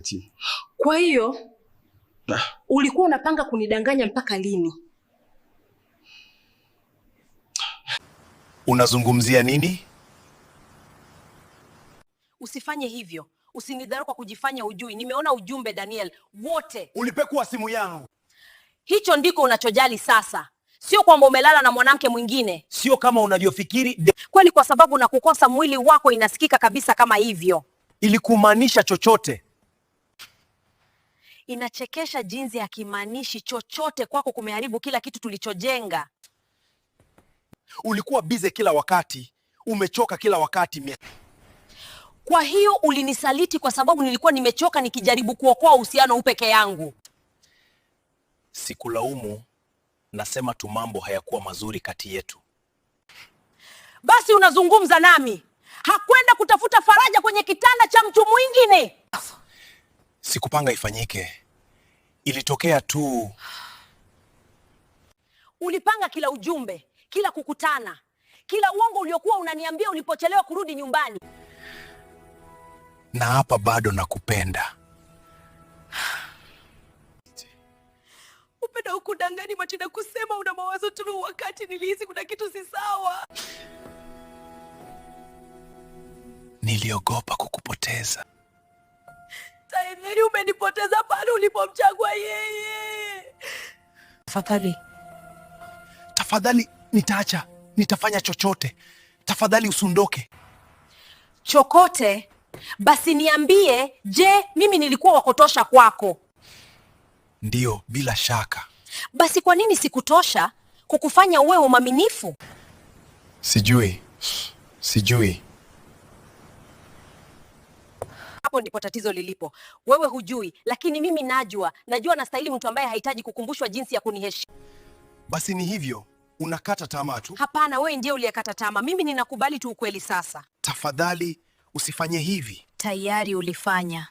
Ati. Kwa hiyo nah. ulikuwa unapanga kunidanganya mpaka lini? Unazungumzia nini? Usifanye hivyo, usinidharau kwa kujifanya ujui. Nimeona ujumbe Daniel, wote ulipekua simu yangu. Hicho ndiko unachojali sasa, sio kwamba umelala na mwanamke mwingine, sio kama unavyofikiri kweli, kwa sababu na kukosa mwili wako inasikika kabisa kama hivyo. Ilikumaanisha chochote? Inachekesha jinsi hakimaanishi chochote kwako, kumeharibu kila kitu tulichojenga. Ulikuwa bize kila wakati, umechoka kila wakati mia. Kwa hiyo ulinisaliti kwa sababu nilikuwa nimechoka nikijaribu kuokoa uhusiano huu peke yangu. Sikulaumu, nasema tu mambo hayakuwa mazuri kati yetu. Basi unazungumza nami, hakwenda kutafuta faraja kwenye kitanda cha mtu mwingine. Sikupanga ifanyike, ilitokea tu. Ulipanga kila ujumbe, kila kukutana, kila uongo uliokuwa unaniambia ulipochelewa kurudi nyumbani. Na hapa bado nakupenda. Upenda ukudangani machina kusema una mawazo tu, wakati nilihisi kuna kitu si sawa. Niliogopa kukupoteza umenipoteza pale ulipomchagua yeye. Tafadhali, tafadhali, nitaacha, nitafanya chochote. Tafadhali usundoke chokote. Basi niambie, je, mimi nilikuwa wakutosha kwako? Ndiyo, bila shaka. Basi kwa nini sikutosha kukufanya uwe mwaminifu? Sijui, sijui. hapo ndipo tatizo lilipo. Wewe hujui, lakini mimi najua, najua nastahili mtu ambaye hahitaji kukumbushwa jinsi ya kuniheshimu. Basi ni hivyo, unakata tamaa tu. Hapana, wewe ndiye uliyekata tamaa. Mimi ninakubali tu ukweli sasa. Tafadhali usifanye hivi. Tayari ulifanya.